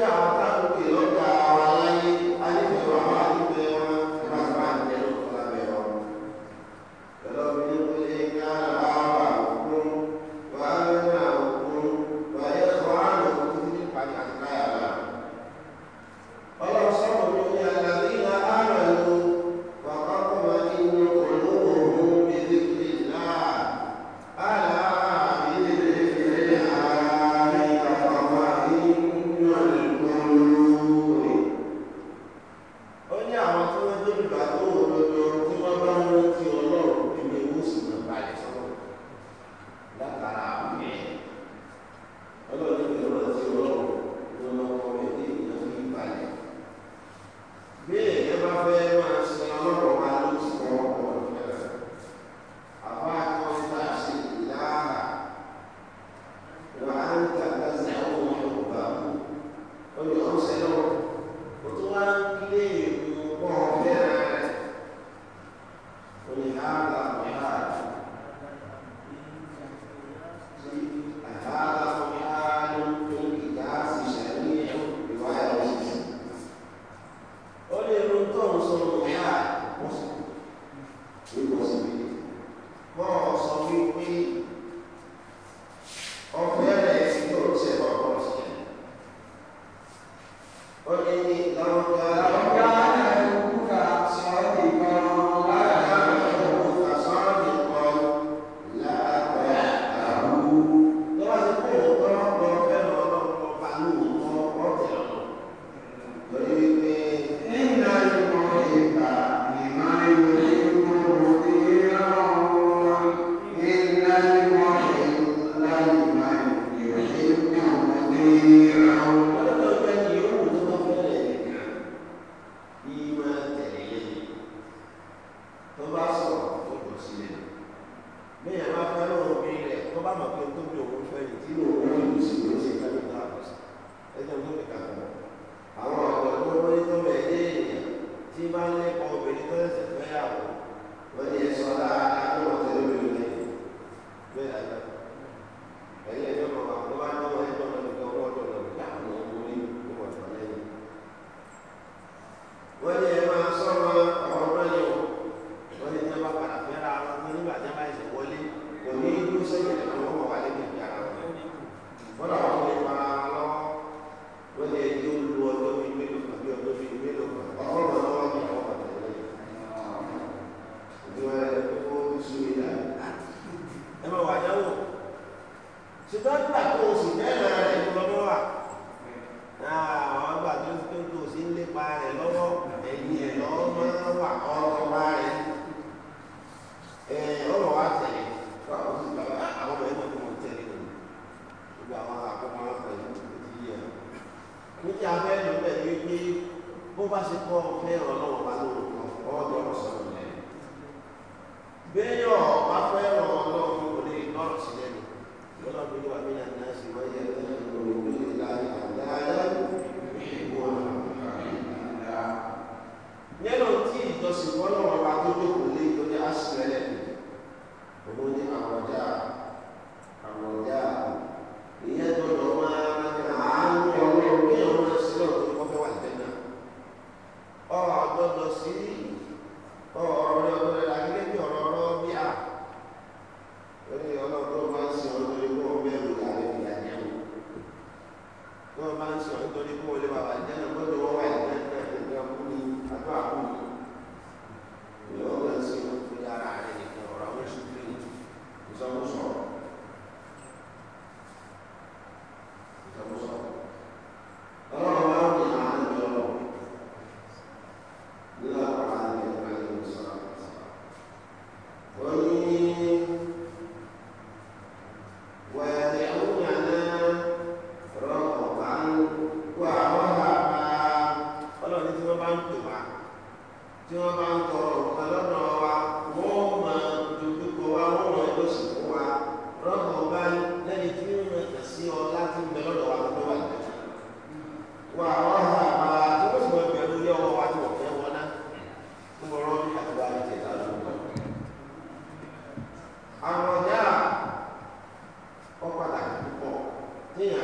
pagata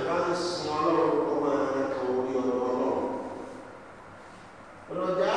bá ọlọ́run ọmọ ẹ̀ka orí ọ̀dọ̀ ọlọ́run ọlọ́jà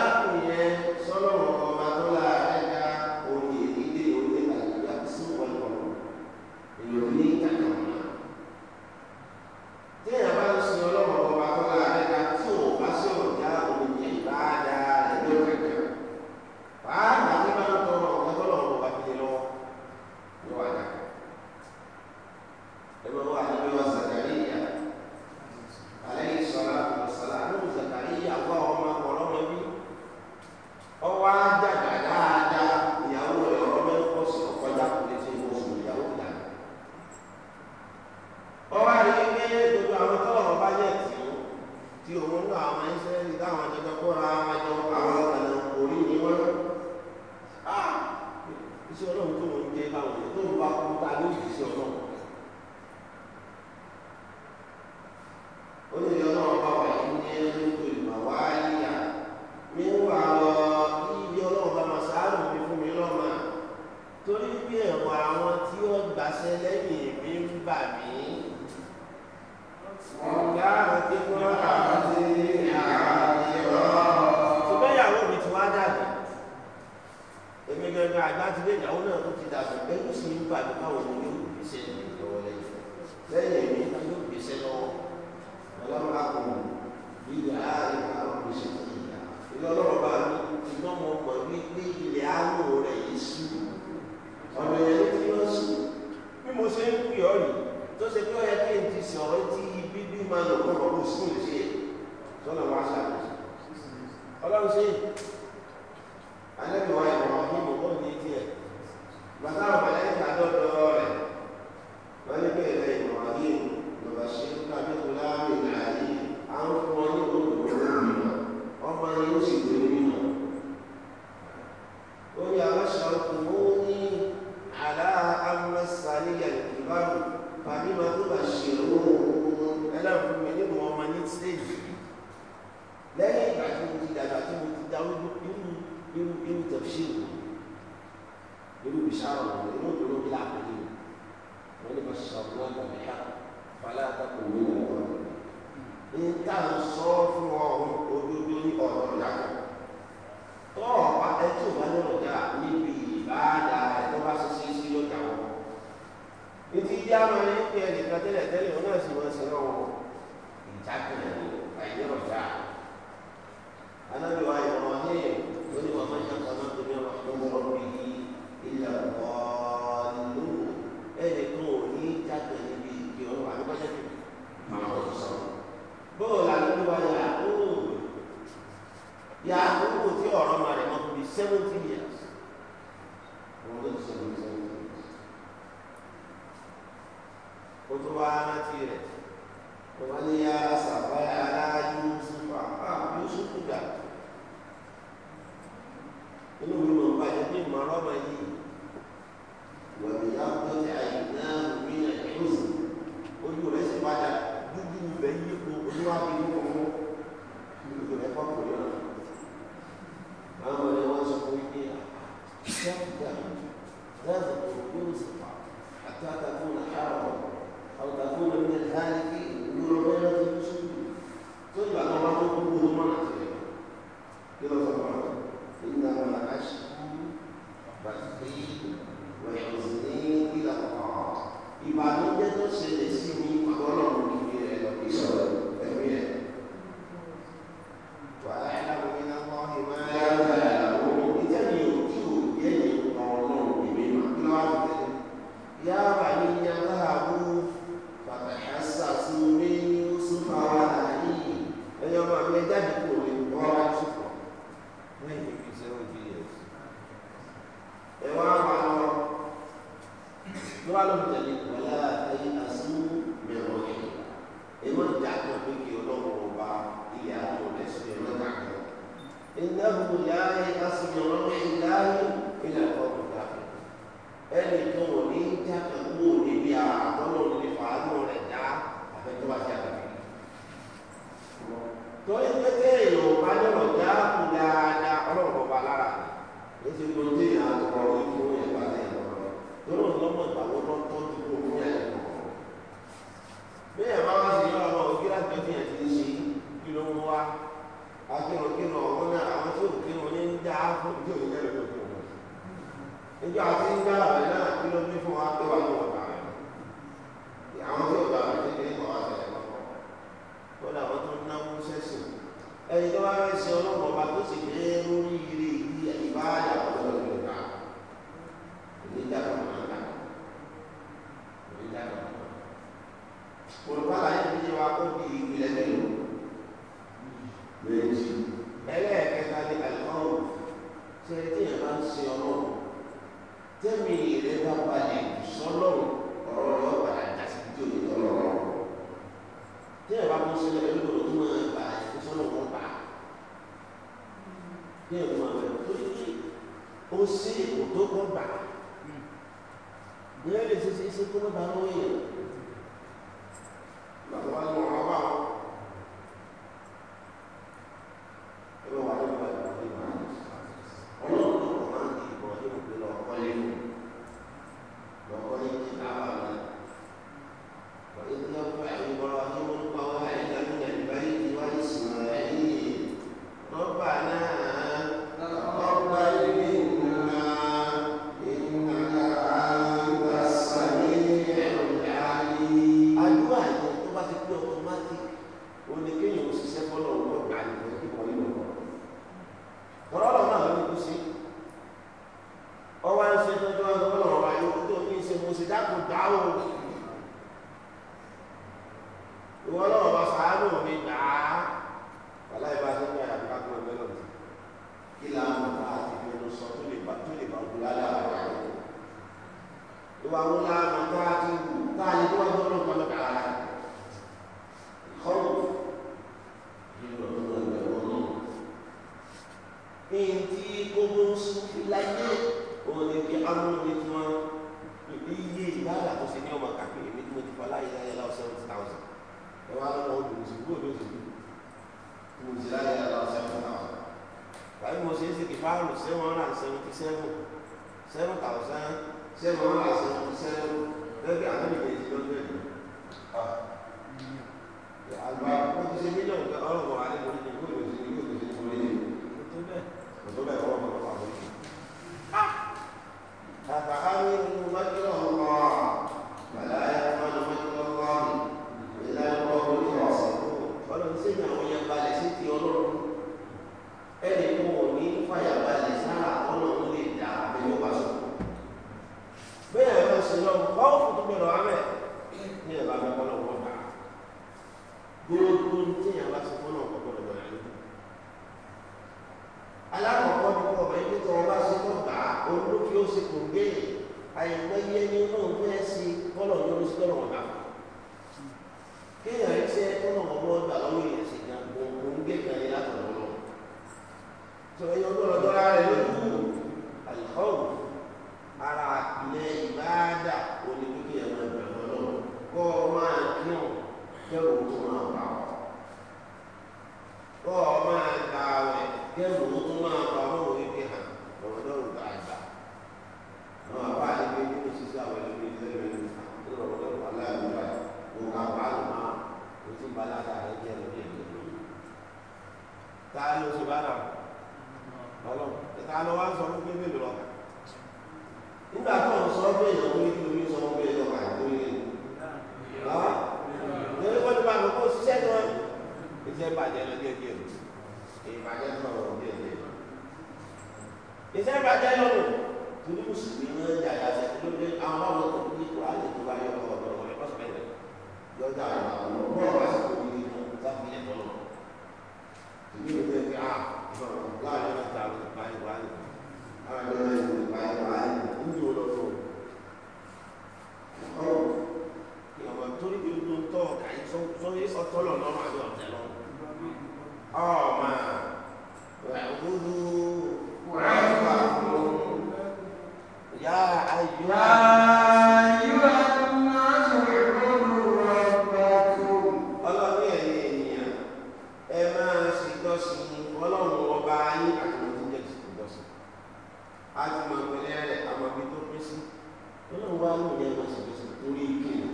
bẹ́ẹ̀ máa ṣe gbèsè torí ike nà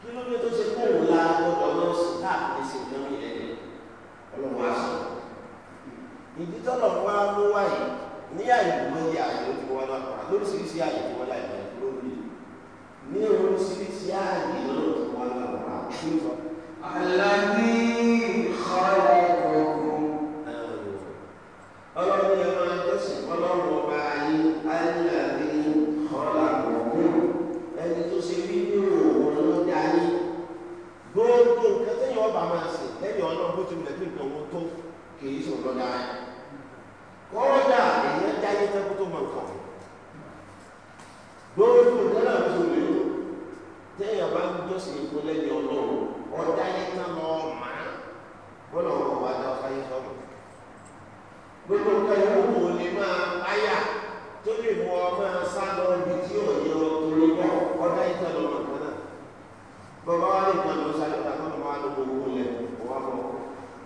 kí ló dé tó ṣe kó òun la gbọdọ̀ lọ sí káàkiri ṣe ìdánwò yẹn ni ọlọ́wọ́ aṣọ ìdí tọ́lọ̀ fún wa ló wà yìí ní àyè ìmọ̀ye àyè ó ti wá lápá lóríṣiríṣi àyè ti wá láyé lórí ní oríṣiríṣi àyè lọ́rọ̀ tó wá lápá kí ló fà. àlàyé. kì í sòrò lọ́dà rẹ̀ kọ́ọ̀dà èèyàn jáde tẹ́kù tó mọ̀ nǹkan gbogbo ìdáná tó lè lò téèyàn bá ń jọ́sìn ipò lẹ́yìn ọlọ́run ọ̀dà yẹn tán lọ mà bọ́lá ọ̀rọ̀ wa dá ọ̀fáyé sọ̀rọ̀ gbogbo nǹkan yóò wò ní máa báyà tó lè mú ọ máa sá lọ ibi tí ò yẹ ọ torí bọ́ ọ̀dà yẹn tán lọ mọ̀ kan bọ́lá wa lè gbọ́n sáré ọ̀dà kan lọ́wọ́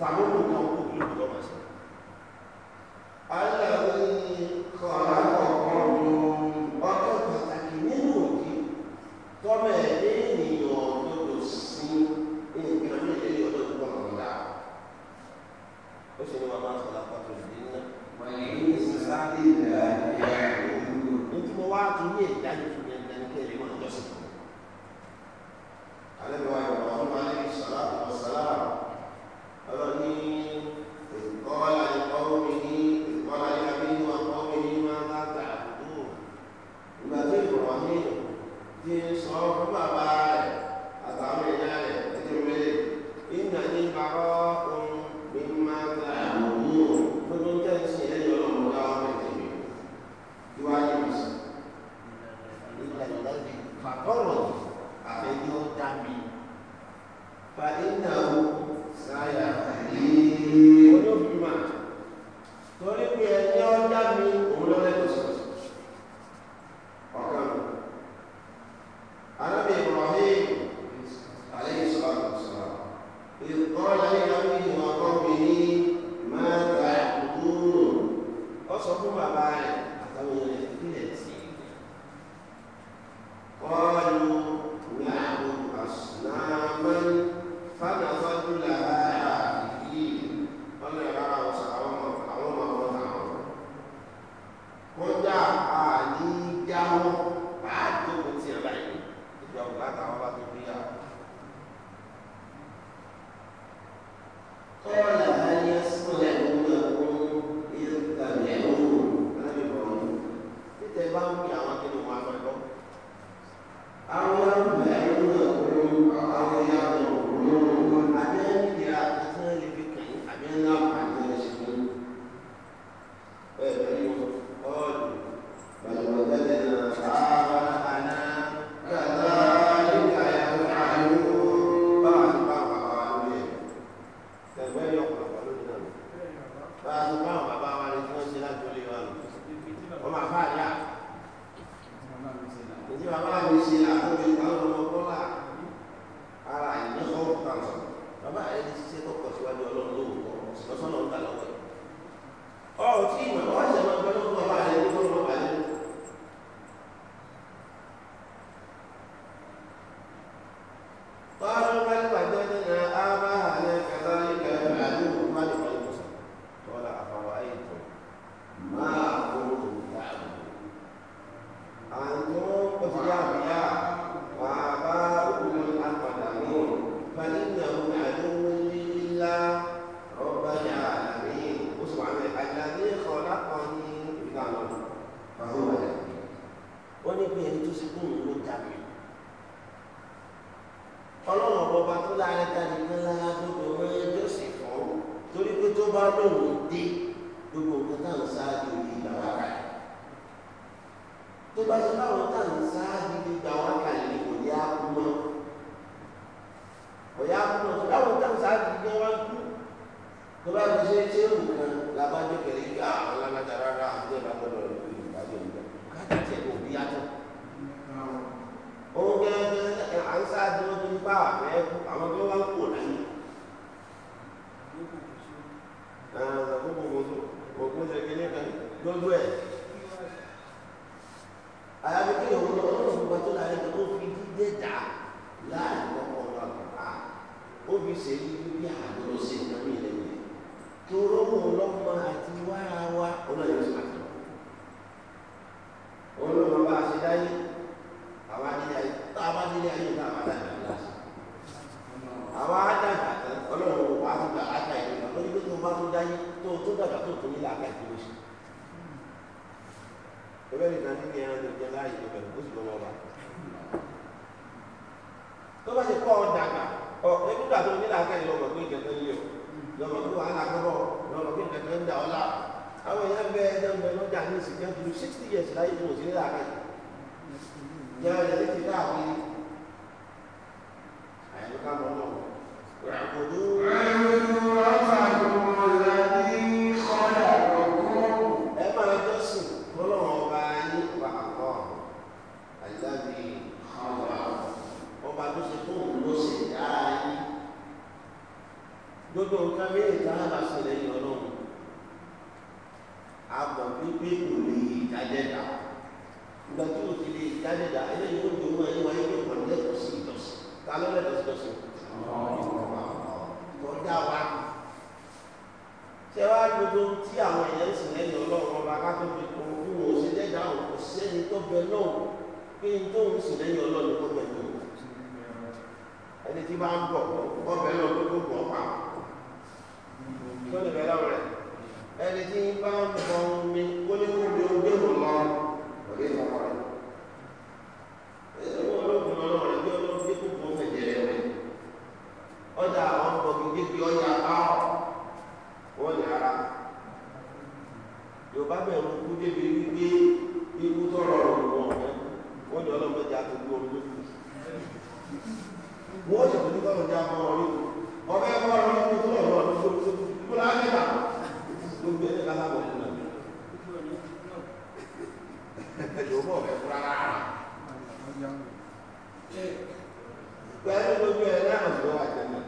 tàbí òkú kan òkú ló kọ́ máa ṣe. aláwo ni kọ́ ọ̀la. ṣe bí àgbọ̀dọ̀ ṣe nǹkan lẹ́yìn tó rọ́mù ọlọ́mù ìdádẹ́dà eléyìí tó dùn mọ́ ẹni wáyé pé wọ́n lẹ́tọ̀ọ́ sí ìjọsìn ta ló lẹ́tọ̀ọ́ sí ìjọsìn tó dá wa ṣé wàá gbogbo tí àwọn èèyàn ń sìn lẹ́yìn ọlọ́run ọba kátóbi kò bí wọn ò ṣe dẹ́dà ò kò sẹ́ni tó bẹ náà pé n tó ń sìn lẹ́yìn ọlọ́run kó bẹ tó ẹni tí bá ń bọ̀ ọbẹ̀ náà ló gbogbo ọ̀pá tó lè bẹ lọ́rùn rẹ̀ ẹni tí bá ń bọ̀ omi kó ní omi lọ òye ìmọ̀ rẹ̀. ọjà àwọn ọkọ̀ gbígbé bí ọjà báwọ̀ wọ́n ní ara yorùbá bẹ̀rù kú débi wípé ikú tọrọ ọ̀rọ̀ wọn ọ̀fẹ́ wọ́n ní ọlọ́mọdé àtúgbò orí lójú wọ́n ṣètò ní kọ́lọ́dé àmọ́ orí ọ̀fẹ́ ẹ̀kọ́ ọ̀rọ̀ ní kótó ọ̀rọ̀ ọ̀rọ̀ tó tó tó lágbèbà gbogbo ẹni kálábọ̀ nínú àmì yorùbá ọ̀fẹ́ fúra rárá pẹ̀lú gbogbo ẹ̀ náà ọ̀sùn wà jẹ́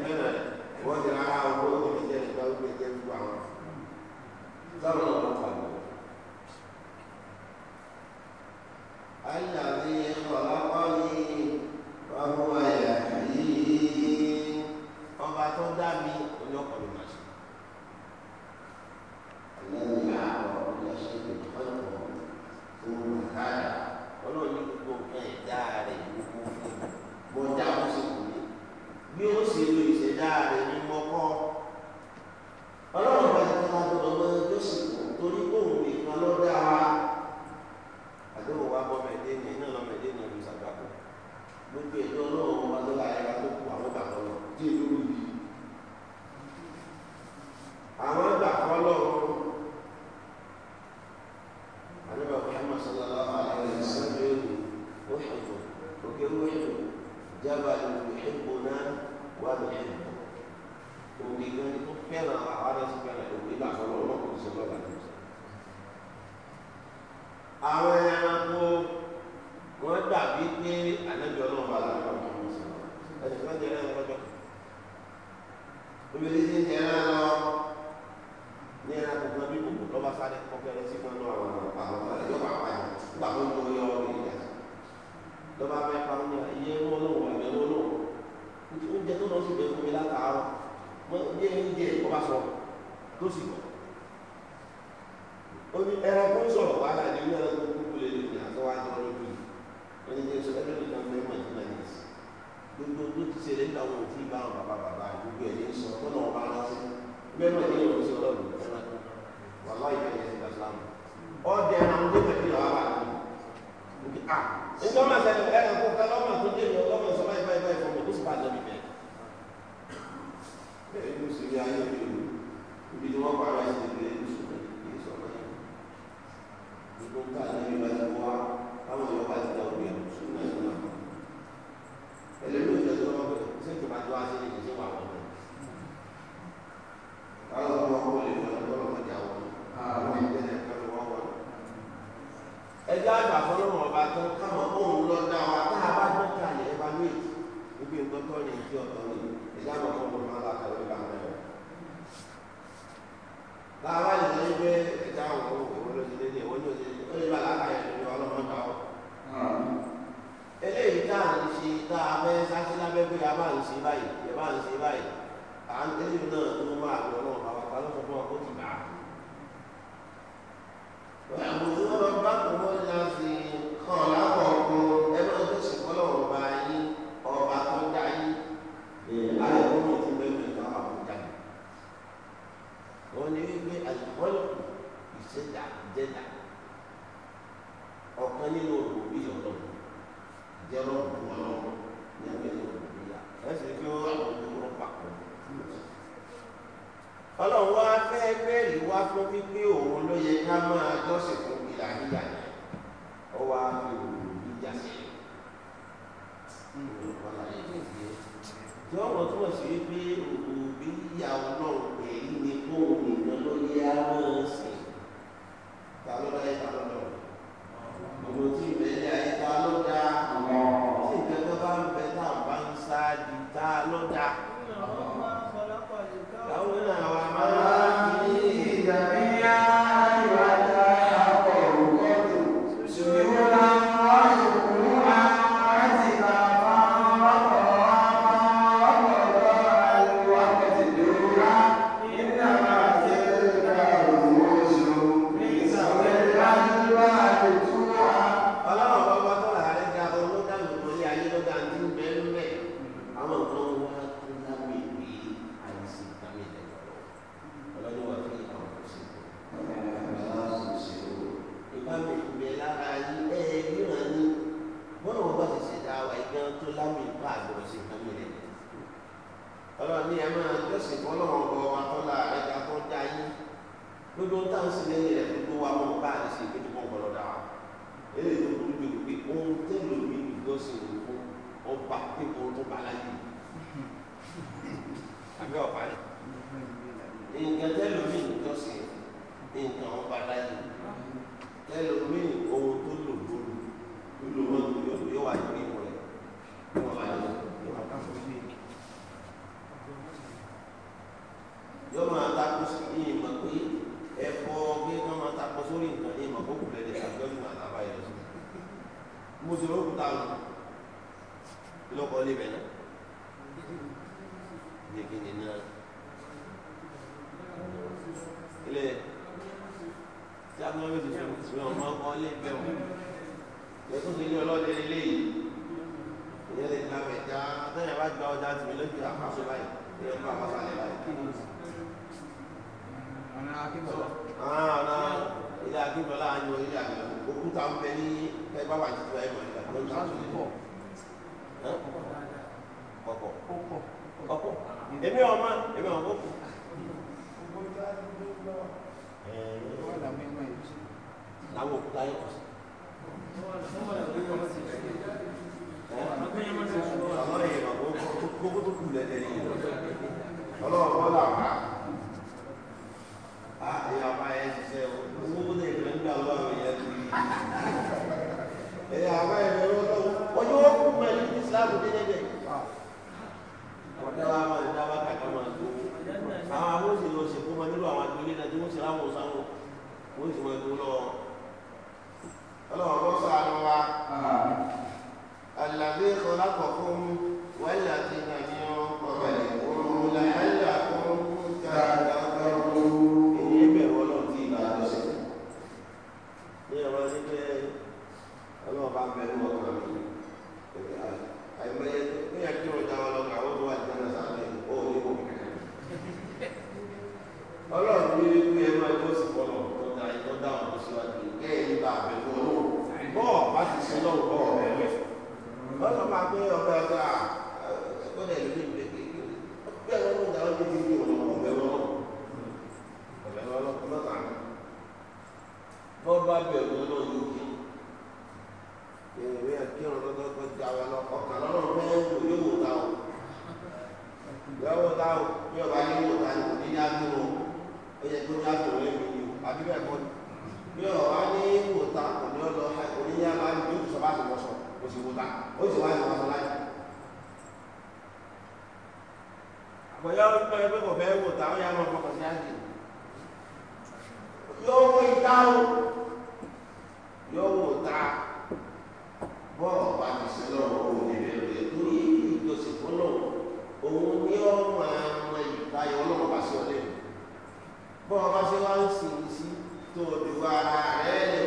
Давно. كما يحبنا ونحبه òbí gan ni tó fẹ́ràn ara sí fẹ́ràn òbí làwọn ọlọ́run sọ lọ́la ní. àwọn lọ túbọ̀ sí wípé òbí ìyá ọlọ́run èyí ni kóun nìkan ló yẹ á máa ọba pípọ̀ tó bá láyé àbí ọba yìí nǹkan tẹ́lómi ìjọsìn nǹkan ọba láyé tẹ́lómi àwọn òkúta yẹn kọsí. àwọn èèyàn gbogbo tó kù lẹ́dẹ̀ yìí ọlọ́wọ́ wọn là wá a ìyá ọba yẹn ṣiṣẹ́ owó tó yẹ kí wọ́n gbà lọ́wọ́ yẹn tó yí. ẹ̀yà ọba yẹn lọ́wọ́ lọ́wọ́ ọjọ́ wọn kú mọ́ ẹni Islam dédédé. ọ̀dọ́ wa máa ń dábàá kàkà máa ń gbowó àwọn amóhùnsìn lọ sí fún wọn nílò àwọn agbègbè náà tí wọ́n ṣe láwọn ọ̀sán wọn wọ́n sì wọ́n ẹ̀kọ́ lọ́wọ́ ọlọ́run ló sàánú wa alàbí ìkọlá kọ̀ọ̀kan wọ́n yà ti nàìjíríà ọ̀rọ̀ ìwòrò làálàá kọ̀ọ̀kan dáadáa. tó bá bẹ̀rù náà yóò kí ìwé àkírun lọ́dọ́ tó ti àwọn ọlọ́kọ̀ kan lọ́nà fẹ́ yóò wò ta o yóò wò ta o bí ọba ní wò ta ni ní yá tó o ó yẹ kó yá tó o lébi ni o àbí bẹ́ẹ̀ kọ́ bí ọba ní wò ta kò ní ọlọ́ kò ní yá yóò sọ bá ti wọ̀ sọ sì wò ta ó sì wá ní wọ́n sọ láyé. àbọ̀yá ó ń wò ta ó yá máa fọkàn sí àjẹ́ yóò mú ìdáhùn yóò mú ta bọ́ọ̀ bá ti sí lọ́wọ́ òun ìbẹ̀rù rẹ̀ lórí ìjọsìn fún lọ́wọ́ òun ní ọmọ ọmọ ìbáyọ̀ ọlọ́wọ́ bá sí ọdẹ bọ́ọ̀ bá sí wá ń sìn o dùn ara rẹ̀ lè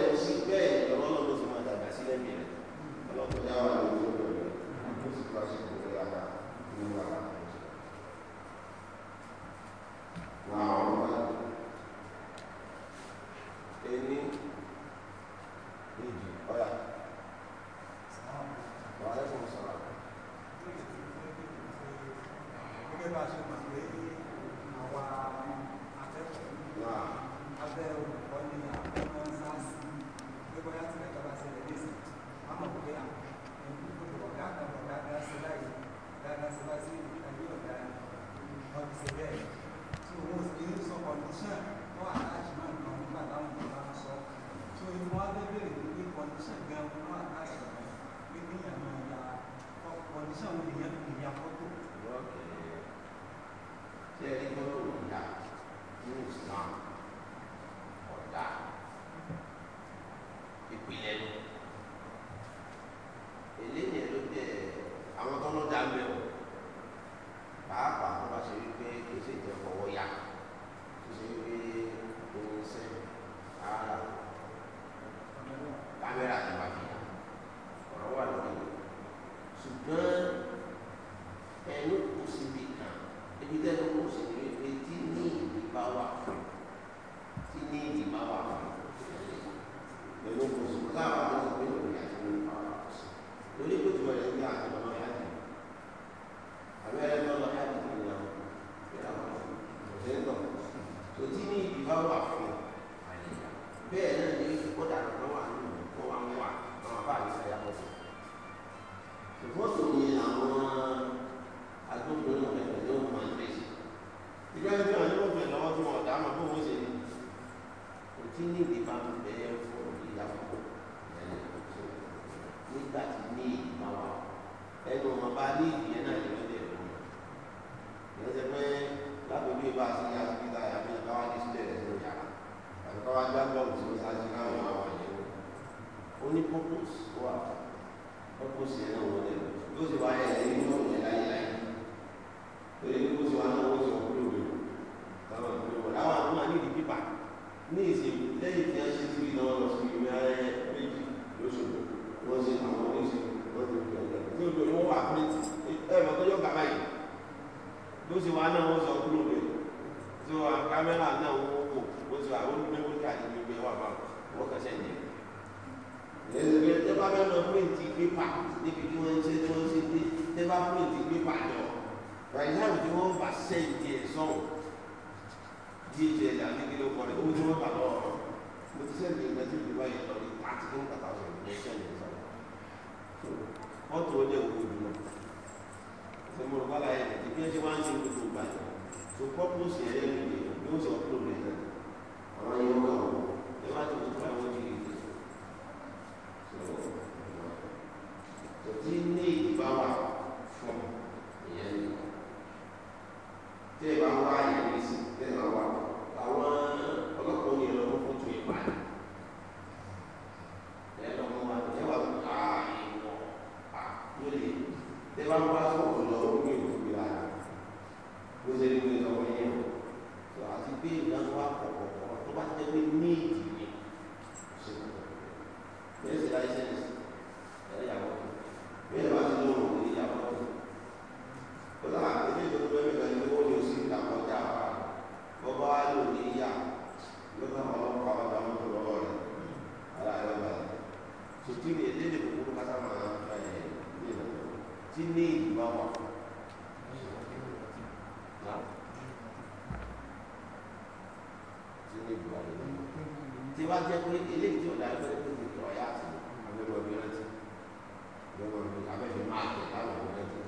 tí wá jẹ́ pé eléyìí tí ó dá ẹgbẹ́ tó ti tọ̀ ya sí abẹ́rẹ́ ọdún rántí abẹ́rẹ́ ọdún abẹ́rẹ́ máa jẹ táwọn ọdún rántí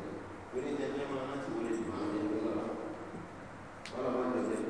rẹ̀ oníjẹ́ bẹ́ẹ̀ máa rántí wọlé ìgbà wọn ní ẹgbẹ́ lọ́la ọlọ́mọdé ọjọ́